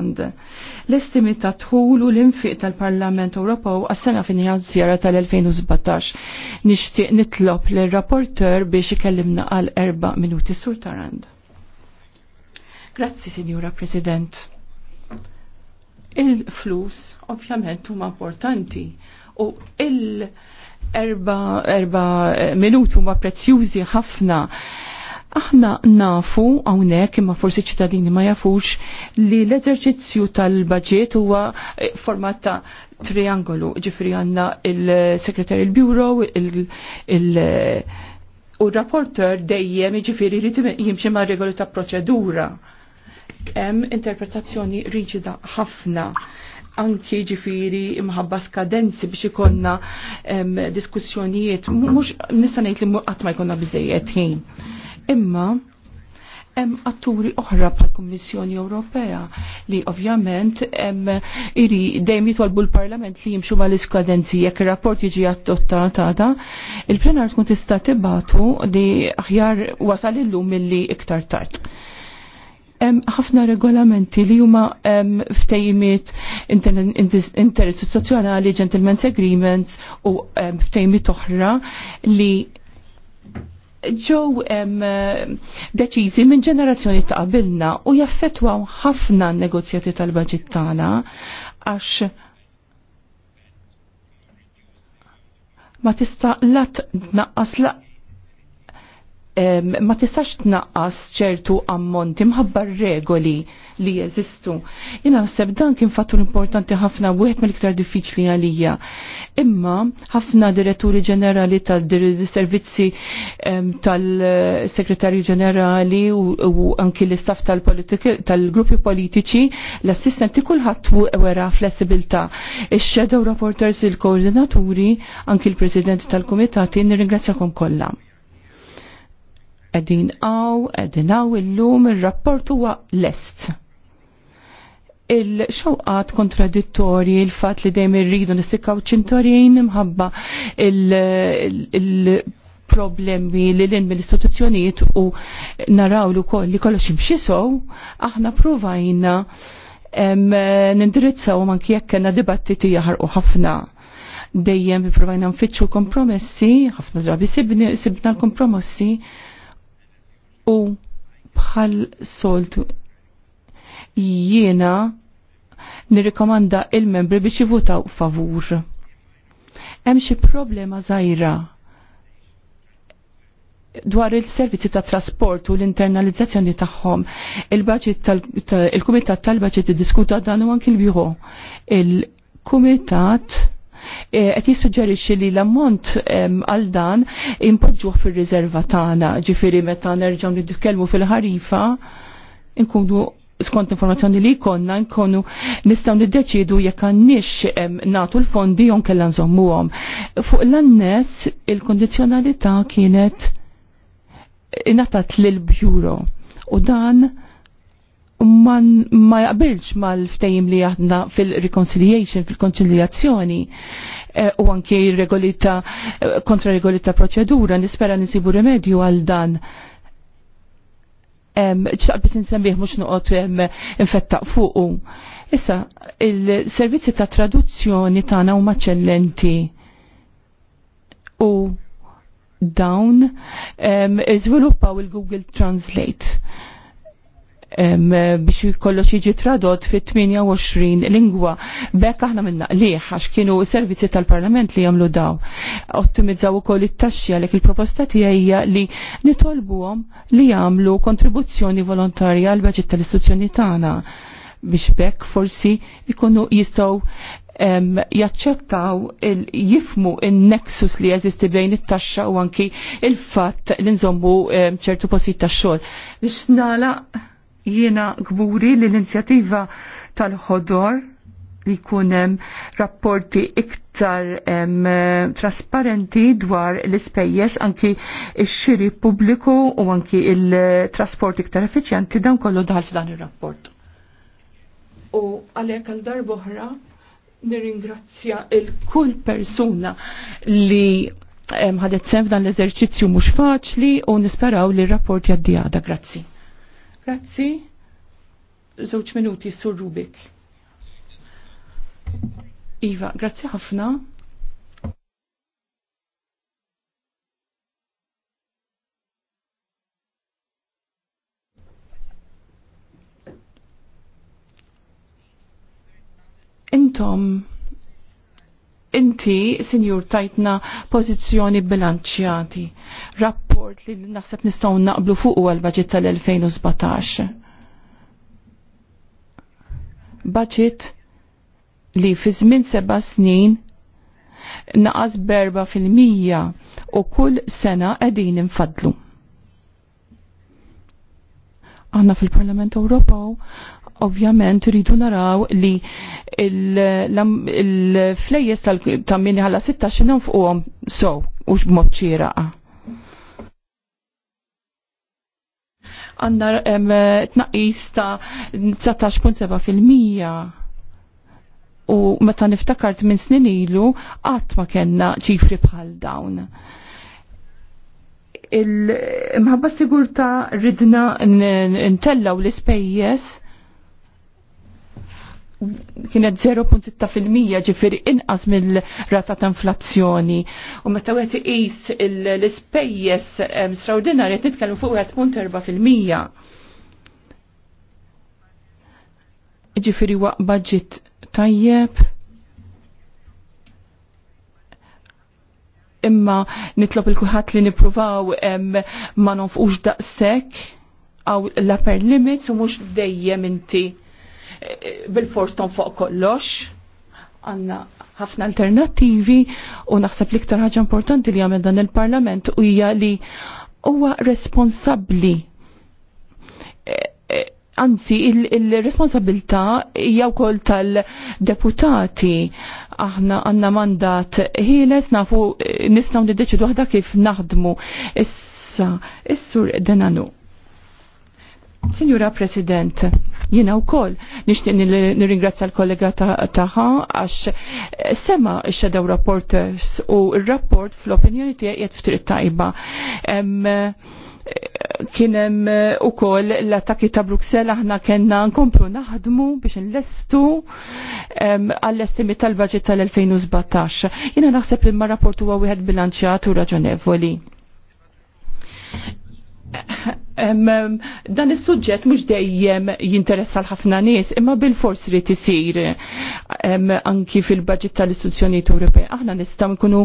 Irland. L-estimi ta' tħulu l-infiq tal-Parlament Ewropew għas-sena finanzjara tal-2017. Nixtieq nitlob l-rapporter biex ikellimna għal erba' minuti sur tarand. Grazzi, Sinjura President. Il-flus ovvjament huma importanti u il- erba, erba minuti huma prezzjużi ħafna Aħna nafu hawnhekk imma forsi ċittadini ma jafux li l-eżerċizzju tal-baġġiet huwa eh, format ta' triangolu, ġifri għandna il-Sekretarju il-Bureau, il-, u rapporter dejjem ġifiri li jimxi ma' regoli ta' proċedura. Hemm interpretazzjoni riġida ħafna anki ġifiri imħabba skadenzi biex ikonna diskussjonijiet, mux nista' ngħid li qatt ma jkollna bżejjed ħin Imma hemm atturi oħra bħal kummissjoni Ewropea li ovvjament hemm iri dejjem jitolbu l-Parlament li jimxu mal-iskadenzi jekk ir-rapport jiġi adottat għada, il-plenar tkun tista' tibatu li aħjar wasal illum milli iktar tard ħafna regolamenti li huma ftejmiet interistituzzjonali, gentlemen's agreements u ftejmiet oħra li ġew deċiżi minn ġenerazzjoni ta' qabilna u jaffetwaw ħafna negozjati tal-baġit tagħna għax ma tista' lat naqqas laq ma tistax tnaqqas ċertu ammonti mħabba regoli li jeżistu. Jina naħseb dan kien fattur importanti ħafna wieħed mill-iktar diffiċli għalija. Imma ħafna diretturi ġenerali tal-servizzi tal-segretarju ġenerali u anki l-istaff tal-gruppi politiċi l-assistenti kulħadd wera flessibilità. Ix-shadow rapporters il-koordinaturi anki l-president tal-komitati nirringrazzjakom kollha għedin għaw, għedin għaw il-lum il-rapport huwa lest. Il-xawqat kontradittori, il-fat li dejjem irridu nistikaw ċintorin imħabba il-problemi li l-in mill-istituzzjonijiet u naraw li koll li kollox imxisow, aħna provajna nindirizzaw man jekk kena dibattiti u ħafna dejjem provajna nfittxu kompromessi, ħafna drabi sibna l-kompromessi, u bħal soltu jiena nirrikomanda il-membri biex jivutaw favur. Hemm xi problema żgħira dwar il-servizzi ta' trasport u l-internalizzazzjoni tagħhom. Il-Kumitat tal-Baċit iddiskuta dan u anki l-bieħu. Il-Kumitat Eh, qed jissuġġerixxi li l-ammont għal dan impoġġuh fir-riserva tagħna, ġifieri meta nerġgħu nitkellmu fil-ħarifa nkunu skont informazzjoni li konna nkunu nistgħu niddeċidu jekk għandniex nagħtu l-fondi jew kellha nżommuhom. Fuq l-annes il-kondizzjonalità kienet inatat lill bjuro u dan man ma jaqbilx mal-ftejim li jaħdna fil-reconciliation, fil-konciliazzjoni eh, u anki regolita eh, kontra regolita proċedura nispera nisibu remedju għal dan ċaqbis bis mux nuqot infettaq fuqu. Issa, il-servizzi ta' traduzzjoni tagħna huma maċellenti u dawn iżviluppaw il-Google Translate biex kollox jiġi tradot fit 28 lingwa. Bekk aħna minna liħ għax kienu servizzi tal-Parlament li jagħmlu daw. Ottimizzaw ukoll it-taxxi għalhekk il-proposta tiegħi li nitolbuhom li jagħmlu kontribuzzjoni volontarja għal baġit tal-istituzzjoni tagħna biex bekk forsi ikunu jistaw jaċċettaw jifmu il-nexus li jeżisti bejn it-taxxa u anki il-fatt li nżommu ċertu posit tax-xogħol. Biex nala jiena gburi l inizjattiva tal-ħodor li kunem rapporti iktar em, trasparenti dwar l-ispejjes anki il-xiri publiku u anki il-trasport iktar effiċjenti dan kollu daħal f'dan il-rapport. U għalek għal darboħra nirringrazzja il-kull persuna li ħadet sem f'dan l-eżerċizzju mhux faċli u nisperaw li r-rapport jaddi għada. Grazzi. Grazzi. Żewġ minuti sur Rubik. Iva, grazzi ħafna. Intom inti, sinjur, tajtna pozizjoni bilanċjati. Rapport li naħseb nistaw naqblu fuq u għal-budget tal-2017. Baġit li fi żmien seba' snin naqas berba fil-mija u kull sena qegħdin infadlu. Aħna fil-Parlament Ewropew Ovvjament rridu naraw li il-flejjes tal tammini għalla 16 nonfquhom so u b'mod ċiraqa. Għanna tnaqis ta' 19.7% u meta niftakart minn snin ilu qatt ma kellna ċifri bħal dawn il-mħabba sigurta ridna n-tellaw l-ispejjes kienet 0.6% ġifiri inqas mill-rata ta' inflazzjoni. U meta għet iqis l spejjes straordinarja titkellmu fuq 1.4%. ġifiri waq budget tajjeb. Imma nitlob il kuħat li nipruvaw ma nonfqux daqsek għaw l per limits u mux dejjem inti bil-fors ton fuq kollox. Għanna ħafna alternativi u naħseb li ktar ħaġa importanti li għamil dan il-parlament u hija li huwa responsabbli e, e, anzi il-responsabilta hija wkoll tal-deputati aħna għanna mandat ħieles nafu nistgħu niddeċidu waħda kif naħdmu issa is-sur denanu. Signora President, Jiena wkoll nixtieq nirringrazzja l-kollega tagħha għax eh, sema x-shadow u r-rapport fl-opinjoni tiegħi qed ftit tajba eh, kienem eh, u koll l attaki ta' Bruxelles aħna kena nkomplu naħdmu biex nlestu għall-estimi tal-budget tal-2017. Jina naħseb li ma rapport huwa wieħed bilanċjat u raġonevoli dan is-suġġett mhux dejjem jinteressa l-ħafna nies, imma bil-fors li tisir anki fil-baġit tal-istituzzjonijiet Ewropej. Aħna nistgħu nkunu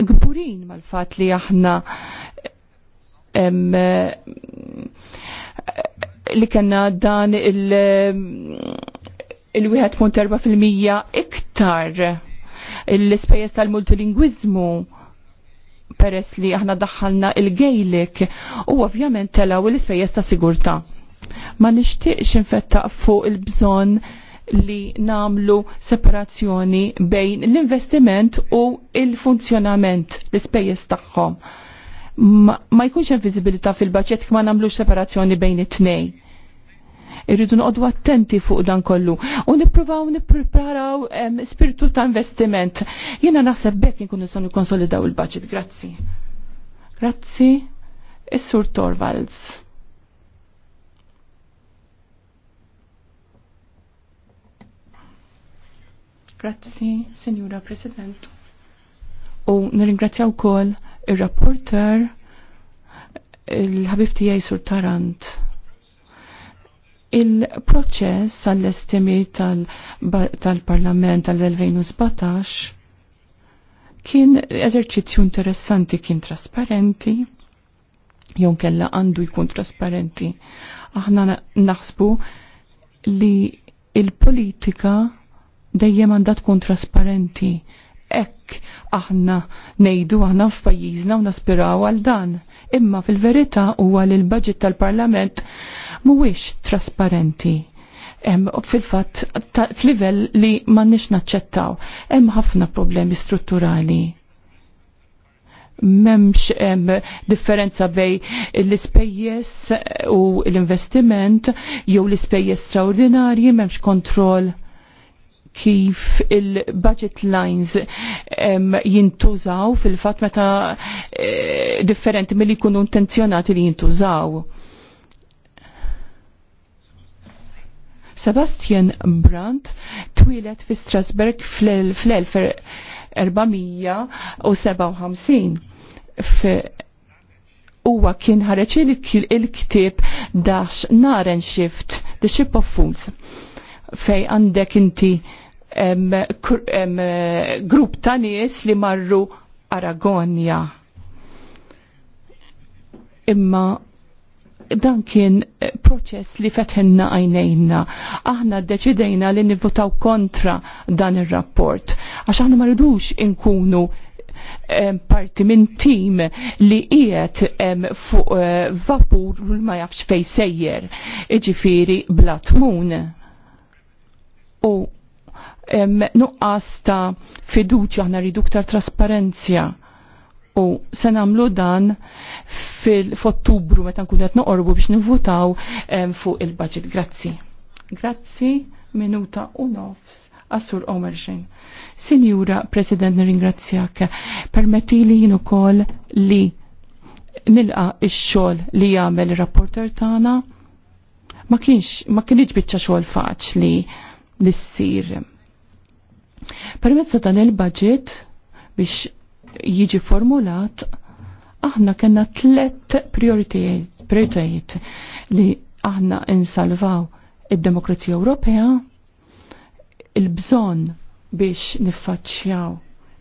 gburin mal-fatt li aħna li kena dan il-1.4% mija iktar l-ispejjeż tal-multilingwiżmu peress li aħna daħħalna il-gejlik u ovvjament telaw l-ispejjeż ta' sigurtà. Ma nixtieqx infettaq fuq il-bżonn li namlu separazzjoni bejn l-investiment u il-funzjonament l-ispejjeż tagħhom. Ma, ma jkunx hemm viżibilità fil-baġġett ma nagħmlux separazzjoni bejn it-tnejn Irridu noqdu attenti fuq dan kollu u nippruvaw nippreparaw spiritu ta' investiment. Jiena naħseb bekk inkunu se nikkonsolidaw il-budget. Grazzi. Grazzi. Is-Sur Torvalds. Grazzi, Signora President. U nirringrazzjaw wkoll ir rapporter il-ħabib tijaj sur Tarant Il-proċess tal-estimi tal-Parlament tal tal-2017 kien eżerċizzju interessanti kien trasparenti, jon kella għandu jkun trasparenti. Aħna naħsbu li il-politika dejjem għandha tkun trasparenti ekk aħna nejdu aħna f'pajjiżna u naspiraw għal dan. Imma fil-verità huwa li l-budget tal-Parlament mhuwiex trasparenti. Fil-fatt f'livell li m'għandniex naċċettaw. Hemm ħafna problemi strutturali memx em, differenza bej l spejjes u l-investiment jew l spejjes straordinarji memx kontroll kif il-budget lines jintużaw fil-fat meta eh, differenti mill-li kunu intenzjonati li jintużaw. Sebastian Brandt twilet fi Strasberg fl-1457 huwa kien ħareġ il-ktieb Dax Naren Shift, The Ship of Fools fej għandek inti grupp ta' nies li marru Aragonja. Imma dan kien eh, proċess li fetħenna għajnejna. Aħna deċidejna li nivvotaw kontra dan il-rapport. Għax aħna marridux inkunu parti minn tim li qiegħed fuq eh, vapur ma jafx fejn sejjer, iġifieri bla tmun u nuqqas ta' fiduċja aħna rridu ktar trasparenzja u se nagħmlu dan fil fottubru meta nkunu qed noqorbu biex nivvutaw fuq il-budget. Grazzi. Grazzi, minuta u nofs. Assur Omerxin. Sinjura President nirringrazzjak, permetti li jien ukoll li nilqa ix-xogħol li jagħmel ir-rapporter tagħna ma kienx ma kienx biċċa xogħol faċli l-issir. Permezza dan il-budget biex jiġi formulat, aħna kena tlet prioritajiet li aħna insalvaw id-demokrazija Ewropea, il-bżon biex niffaċċjaw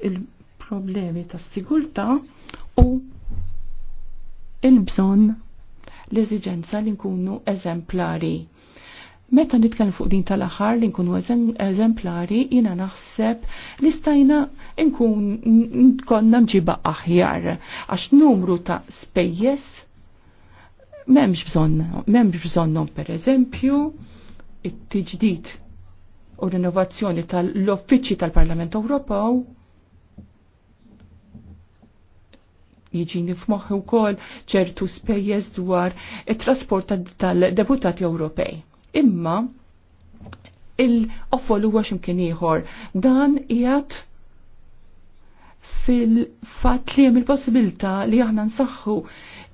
il-problemi ta' sigurta u il-bżon l-eżigenza li nkunu eżemplari Meta nitkellem fuq din tal-aħħar li nkunu eżemplari, jina naħseb li stajna nkun konna mġiba aħjar għax numru ta' spejjes memx bżonn, memx bżonnhom pereżempju it-tiġdid u rinnovazzjoni tal-Uffiċċji tal-Parlament Ewropew jiġini f'moħħi wkoll ċertu spejjeż dwar it-trasport tal-deputati Ewropej imma il-offol huwa x'imkien ieħor. Dan qiegħed fil-fatt li hemm il-possibilità li aħna nsaħħu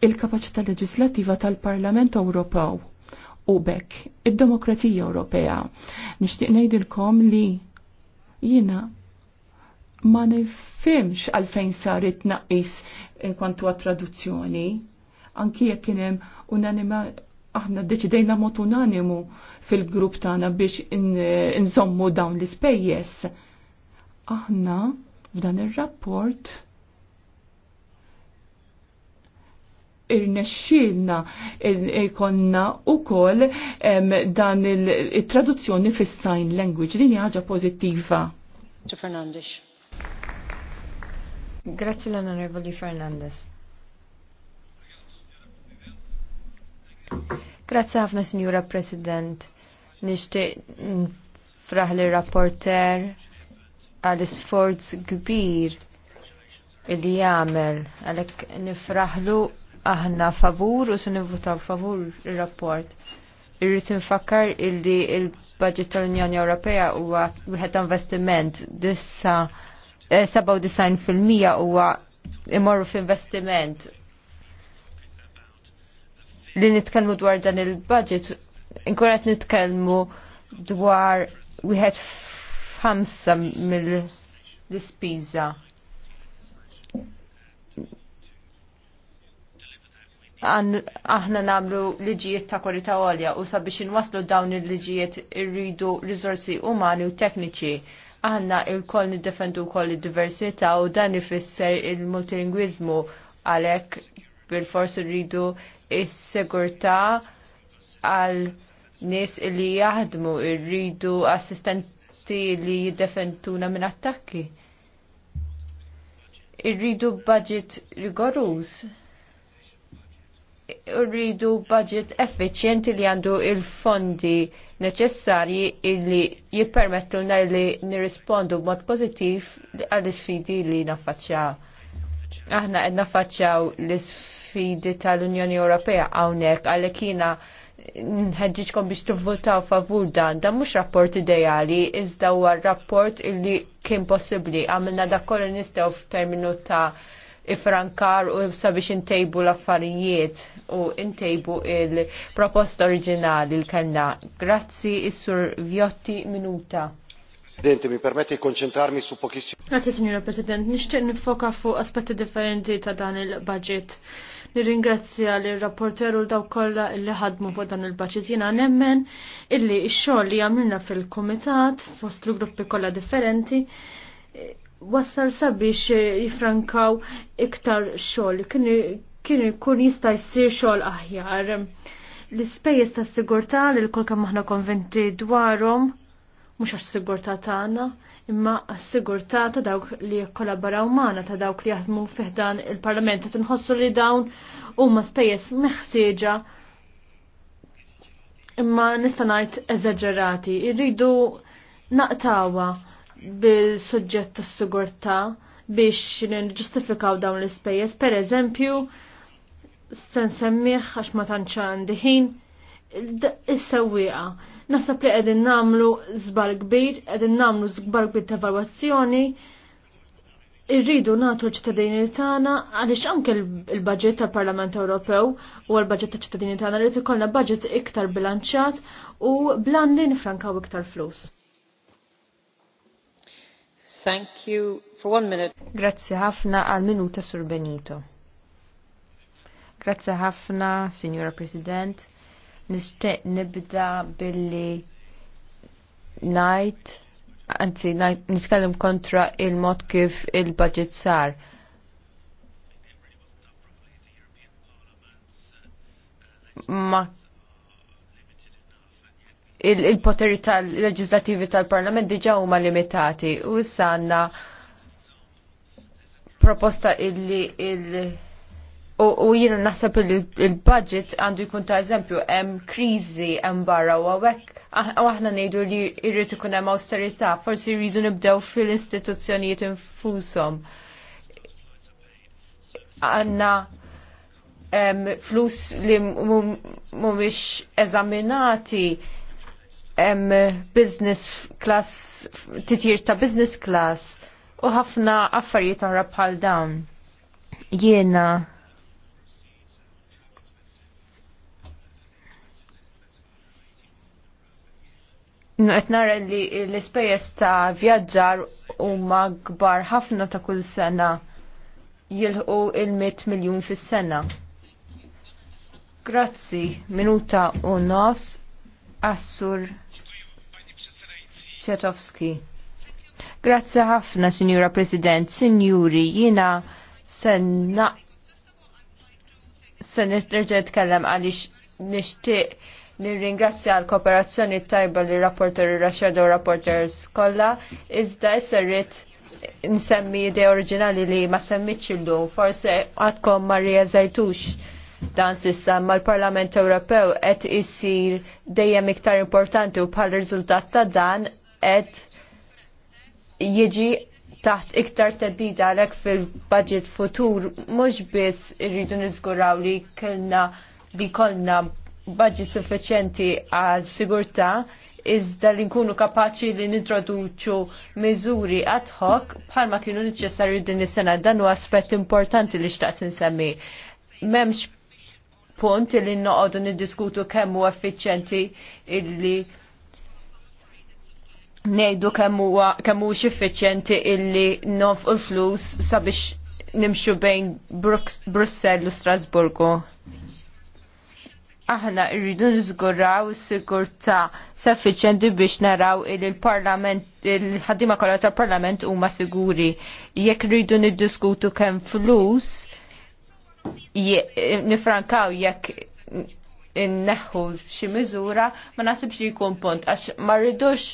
il-kapaċità leġislattiva tal-Parlament Ewropew u bekk id-demokrazija Ewropea. Nixtieq ngħidilkom li jiena ma nifhimx għalfejn sar it-tnaqqis eh, kwantu għat traduzzjoni anki jekk kien hemm aħna deċidejna mod unanimu fil-grupp tagħna biex nżommu dawn l-ispejjeż. Aħna f'dan ir-rapport irnexxilna ikonna wkoll dan il-traduzzjoni fis-sign language din hija ħaġa pożittiva. Fernandez. Grazie l-Onorevoli Fernandez. Grazzi ħafna, Signora President. Nishtiq fraħ li rapporter għal sforz kbir illi jagħmel għalhekk nifraħlu aħna favur u se nivvutaw favur ir-rapport. Irrid infakkar illi il-budget tal-Unjoni Ewropea huwa wieħed investiment dissa 97% eh, huwa imorru f'investiment li nitkellmu dwar dan il-budget, inkunet nitkellmu dwar wieħed ħamsa mill-ispiża. aħna namlu liġijiet ta' kwalità għolja u sabiex inwaslu dawn il-liġijiet irridu risorsi umani u tekniċi. Aħna il-koll niddefendu koll id-diversità u dan ifisser il-multilingwizmu għalhekk bil-forsi rridu is-segurtà għal nies li jaħdmu rridu assistenti li jiddefenduna minn attakki. Irridu budget rigorus rridu budget effiċjenti li għandu il-fondi neċessarji illi jippermettu na li nirrispondu b'mod pozittiv għall isfidi li naffaċċaw. Aħna qed naffaċċaw l-isfidi sfidi tal-Unjoni Ewropea hawnhekk għalhekk jiena nħedġiġkom biex tivvotaw favur dan, dan mhux rapport ideali, iżda huwa rapport illi kien possibbli għamilna dak kollu nistgħu f'terminu ta' ifrankar u sabiex intejbu l-affarijiet u intejbu il-proposta oriġinali l-kellna. Grazzi, is-sur Vjotti Minuta. Presidente, mi permette di konċentrarmi su pochissimi. Grazie, signora President. Nixtieq nifoka fuq aspetti differenti ta' dan il-budget nirringrazzja li rapporteru l daw kollha illi ħadmu fuq dan il-baċit jiena nemmen illi x-xogħol li għamilna fil-kumitat fost l-gruppi kollha differenti e, wassal sabiex e, jifrankaw iktar xogħol kien ikun jista' jsir xogħol aħjar. L-ispejjeż tas-sigurtà li l-kol kemm aħna konventi dwarhom mhux għas-sigurtà tagħna, imma għas-sigurtà ta' dawk li jikkollaboraw magħna ta' dawk li jaħdmu fih dan il-Parlament qed inħossu li dawn huma spejjeż meħtieġa imma nista' ngħid eżaġerati. Irridu naqtawa bil-suġġett tas-sigurtà biex nġustifikaw dawn l-ispejjeż, per eżempju, sen semmiħ għax ma tantx għandi ħin is-sewwieqa. Nasab li qegħdin nagħmlu żbar kbir, qegħdin nagħmlu żbar kbir ta' evalwazzjoni. Irridu nagħtu l-ċittadini tagħna għaliex anke l-baġġett tal-Parlament Ewropew u l-baġġett tal-ċittadini tagħna li ikollna budget iktar bilanċjat u blan li nifrankaw iktar flus. Thank you for one minute. Grazzi ħafna għal minuta Sur Benito. Grazzi ħafna, Signora President nishtiq nibda billi najt, anzi najt kontra il-mod kif il-budget sar. Ma il-poteri il poteri tal tal-parlament diġa huma limitati u issa għandna proposta illi il-, il U jina naħseb il-budget għandu jkun ta' eżempju hemm kriżi hemm barra u għawek. Ah, u aħna ngħidu li jrid ikun hemm austerita, forsi jridu nibdew fil-istituzzjonijiet infushom. Għandna flus li mhumiex eżaminati hemm business class titjir ta' business class u ħafna affarijiet oħra bħal dawn. Jiena nara li l espejjeż ta' vjaġġar huma kbar ħafna ta' kull sena jilħu il-100 miljun fis-sena. Grazzi, minuta u nofs assur Ċetowski. Grazzi ħafna, Sinjura President, Sinjuri, jina senna sen nerġa' nitkellem għaliex nixtieq nirringrazzja għal kooperazzjoni tajba li rapporter Rashad u rapporters kollha, iżda isserrit nsemmi ide oriġinali li ma semmitx illum, forse għadkom Marija Zajtux dan sissa mal-Parlament Ewropew qed issir dejjem iktar importanti u bħal riżultat ta' dan qed jiġi taħt iktar teddida għalhekk fil-budget futur mhux biss irridu niżguraw li kellna li kollna budget suffiċjenti għal sigurtà iżda li nkunu kapaċi li nintroduċu miżuri ad hoc bħalma kienu neċessarju din is-sena dan huwa aspett importanti li xtaqt insemmi. M'hemmx punt li noqogħdu niddiskutu kemm huwa effiċjenti illi ngħidu kemm huwa kemm hux effiċjenti illi nofqu l-flus sabiex nimxu bejn Brussell u Strasburgu aħna rridu nżguraw sigurtà saffiċenti biex naraw il-parlament, il-ħaddima kollha tal-parlament huma siguri. Jekk rridu niddiskutu kemm flus, nifrankaw jekk inneħħu xi miżura, ma naħsibx li jkun punt għax ma rridux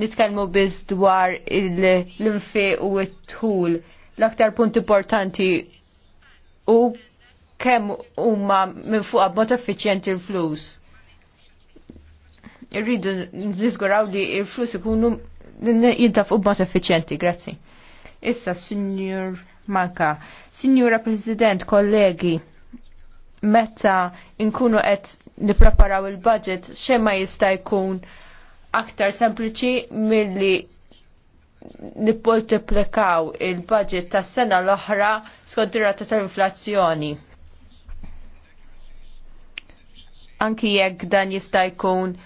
nitkellmu biss dwar l-infiq u t tul L-aktar punt importanti u kemm huma minn fuq b'mod effiċjenti l-flus. Irridu niżguraw li l-flus ikunu fuq b'mod effiċjenti, grazzi. Issa, Signor Manka, Signora President, kollegi, meta inkunu qed nippreparaw il-budget, xema jista' jkun aktar sempliċi milli nippoltiplikaw il-budget tas sena l-oħra skontirata tal-inflazzjoni. anki jekk dan jista' jkun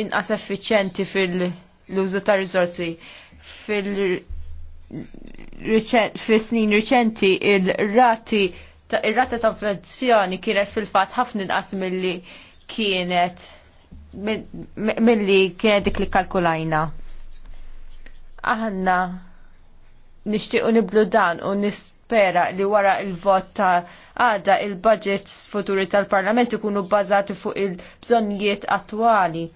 inqas effiċjenti fil-użu ta' riżorsi. Fil-snin riċenti il-rati ir-rata ta' inflazzjoni kienet fil-fatt ħafna inqas milli kienet milli kienet dik li kalkulajna. Aħna nixtiequ niblu dan u nis spera li wara il-vot ta' għada il-budgets futuri tal-Parlament ikunu bbażati fuq il-bżonnijiet attwali.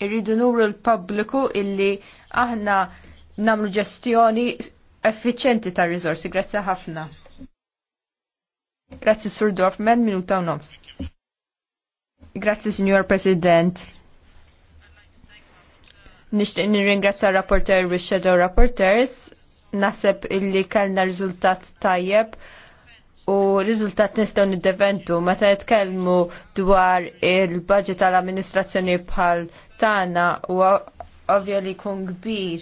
Irridu nuru l-pubbliku illi aħna namlu ġestjoni effiċenti ta' rizorsi. Grazzi ħafna. Grazzi Sur Dorfman, minuta u nofs. Grazzi Signor President. Nishtiq nirringrazzja rapporter u rapporters Naħseb illi kellna riżultat tajjeb u riżultat nistgħu niddeventu meta jitkellmu dwar il-budget tal-amministrazzjoni bħal tagħna u ovvja li jkun kbir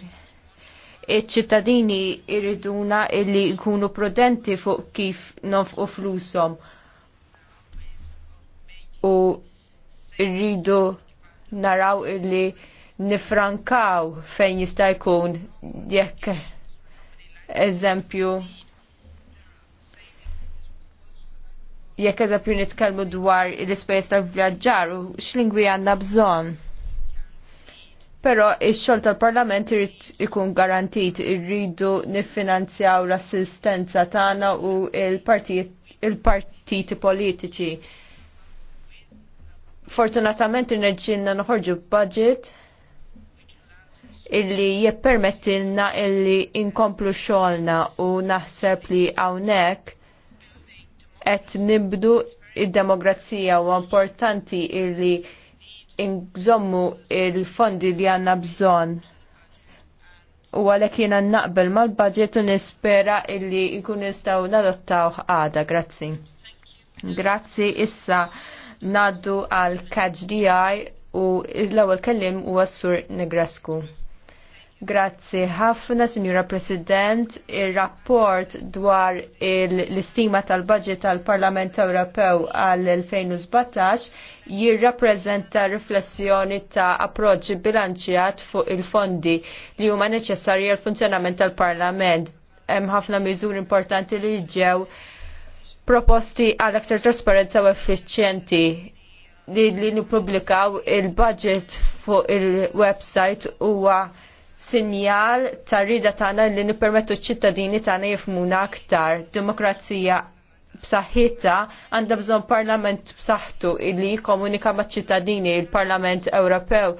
iċ-ċittadini irriduna illi jkunu prudenti fuq kif nofqu flusom u rridu naraw illi nifrankaw fejn jista' jkun jekk eżempju jekk eżempju nitkellmu dwar l-ispejjeż tal-vjaġġar u x'lingwi għandna bżonn. Però ix-xogħol tal-Parlament irid ikun garantit irridu niffinanzjaw l-assistenza tagħna u l-partiti politiċi. Fortunatament irnexxinna noħorġu budget illi jippermettilna illi inkomplu xolna u naħseb li hawnhekk qed nibdu id-demokrazija u importanti illi inżommu il-fondi li għanna bżonn. U għalhekk jiena naqbel mal-budget u nispera illi ikun nistgħu nadottaw għada, grazzi. Grazzi issa naddu għal KHDI u l-ewwel kellim huwa Sur Negrasku. Grazzi ħafna, Signora President. Il-rapport dwar l-istima tal-budget tal-Parlament Ewropew għal-2017 jirrappreżenta riflessjoni ta' approċċi bilanċjat fuq il-fondi li huma neċessarji għal funzjonament tal-Parlament. Hemm ħafna miżur importanti li ġew proposti għal aktar trasparenza u effiċjenti li nippubblikaw il-budget fuq il-website huwa sinjal ta' rida tagħna li nippermettu ċ-ċittadini tagħna jifmuna aktar. Demokrazija b'saħħitha għandha bżonn parlament b'saħħtu li jikkomunika maċ-ċittadini il-Parlament Ewropew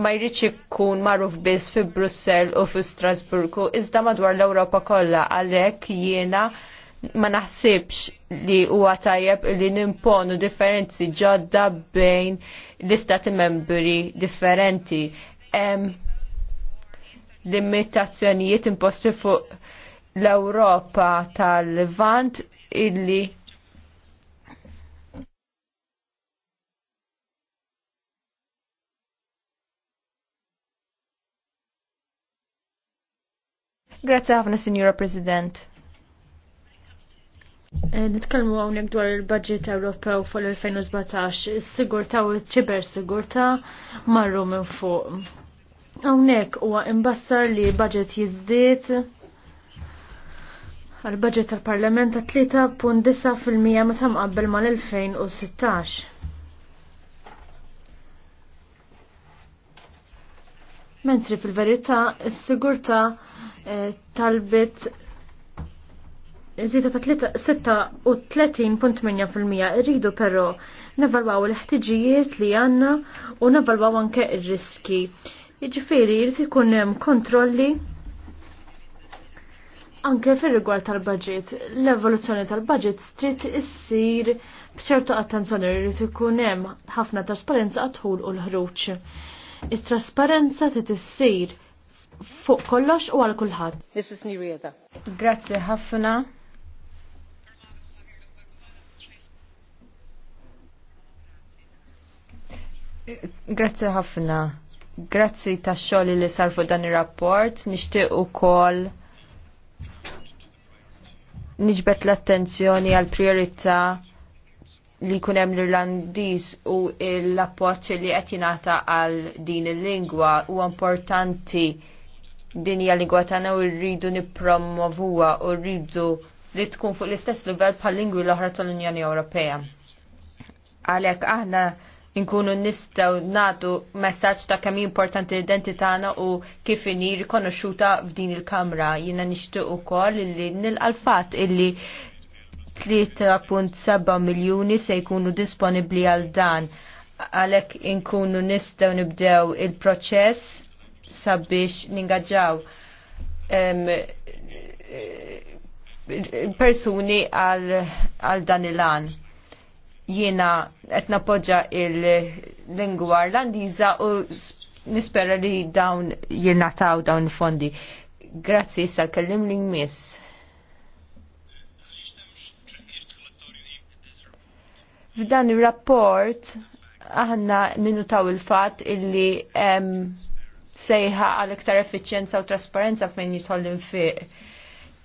ma jridx ikun magħruf biss fi Brussell u fi Strasburgu iżda madwar l-Ewropa kollha għalhekk jiena ma naħsibx li huwa tajjeb li nimponu differenzi ġodda bejn l-istati membri differenti limitazzjonijiet imposti fuq l-Ewropa tal levant illi Grazie ħafna, Signora President. Eh, nitkellmu hawnhekk dwar il-budget Ewropew fl-2017, is-sigurtà u ċiber ċibersigurtà marru minn fuq Hawnhekk huwa imbassar li budget jizdiet għal budget tal-Parlament ta' 3.9% meta mqabbel mal-2016. Mentri fil-verità s sigurtà eh, talbet Zita ta' 36.8% irridu però nevalwaw l-ħtiġijiet li għanna u nevalwaw anke ir-riski. Jiġifieri jrid ikun hemm kontrolli anke fir-rigward tal-budget. L-evoluzzjoni tal-budget trid issir b'ċertu attenzjoni jrid ikun hemm ħafna trasparenza għat u l-ħruġ. Is-trasparenza trid issir fuq kollox u għal kulħadd. Mrs. Nirieda. Grazzi ħafna. Grazie ħafna. Grazzi ta' xoli li sarfu dan ir-rapport, nixtieq ukoll niġbet l-attenzjoni għal priorità li jkun hemm l-Irlandiż u l appoċ li qed jingħata għal din il-lingwa huwa importanti din hija lingwa tagħna u rridu nippromovuha u rridu li tkun fuq l-istess livell bħal lingwi l-oħra tal-Unjoni Ewropea. Għalhekk aħna inkunu nistaw natu messaġġ ta' kemm importanti l-identitana u kif inhi rikonoxxuta f'din il-kamra. Jiena nixtieq ukoll li fatt illi 3.7 miljuni se jkunu disponibli għal dan għalek inkunu nistgħu nibdew il-proċess sabiex ningaġġaw persuni għal, dan il an jiena qed nappoġġa il-lingwa Irlandiża u nispera li dawn jingħataw dawn fondi. Grazzi issa kellim li miss. F'dan ir-rapport aħna ninutaw il-fatt illi sejħa għal iktar effiċjenza u trasparenza fejn jitħollim fi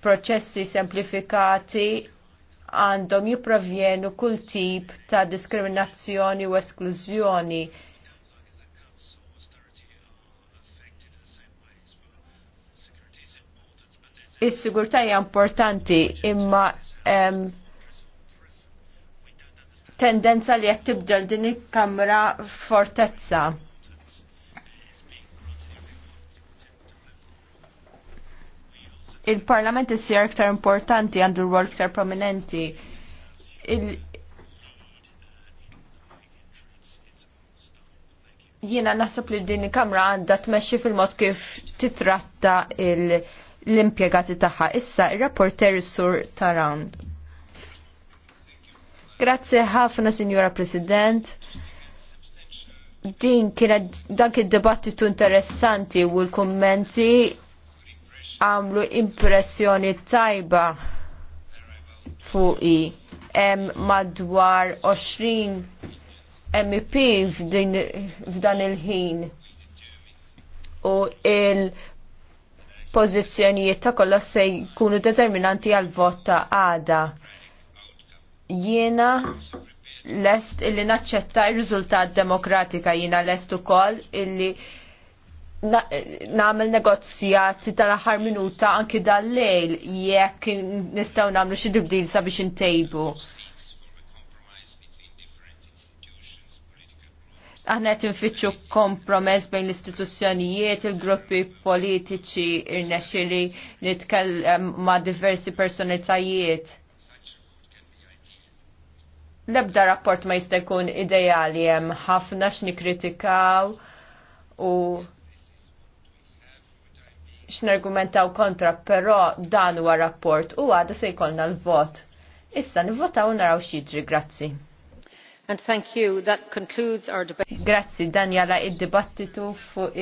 processi semplifikati għandhom jipprovjenu kull tip ta' diskriminazzjoni u esklużjoni. Is-sigurtà hija importanti imma tendenza li qed tibdel din il-kamra fortezza. il-parlament issir aktar importanti għandu rwol aktar prominenti. Il jiena naħseb li din il-kamra għandha tmexxi fil-mod kif titratta l-impjegati tagħha. Issa ir-rapporter sur Tarand. Grazzi ħafna, Sinjora President din kienet dak id-dibattitu interessanti u l-kommenti għamlu impressjoni tajba fuqi hemm madwar 20 MP f'dan il-ħin u il-pożizzjonijiet ta' kollha se jkunu determinanti għal vot ta' għada. Jiena lest illi naċċetta ir-riżultat demokratika jiena lest ukoll illi namel negozjati tal-aħħar minuta anki dal-lejl jekk nistgħu nagħmlu xi dibdil sabiex intejbu. Aħna qed infittxu kompromess bejn l-istituzzjonijiet, il-gruppi politiċi, irnexxili nitkellem ma' diversi personalitajiet. L-ebda rapport ma jista' jkun ideali hemm ħafna x'nikkritikaw u x'nargumentaw kontra, però dan huwa rapport u għada se jkollna l-vot. Issa nivvotaw naraw x'jiġri, grazzi. And thank you. That concludes our debate. Grazzi, dan il id-dibattitu fuq